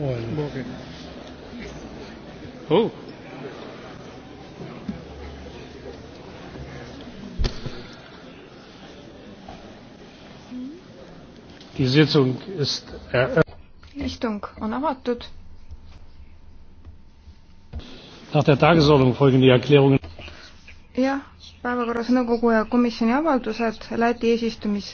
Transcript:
Morgen. Oh. Die Sitzung ist eröffnet. Istung on avatud. Nach der Tagesordnung folgen die Erklärungen. jah, päevakorras nõukogu ja komisjoni avaldused Läti eesistumis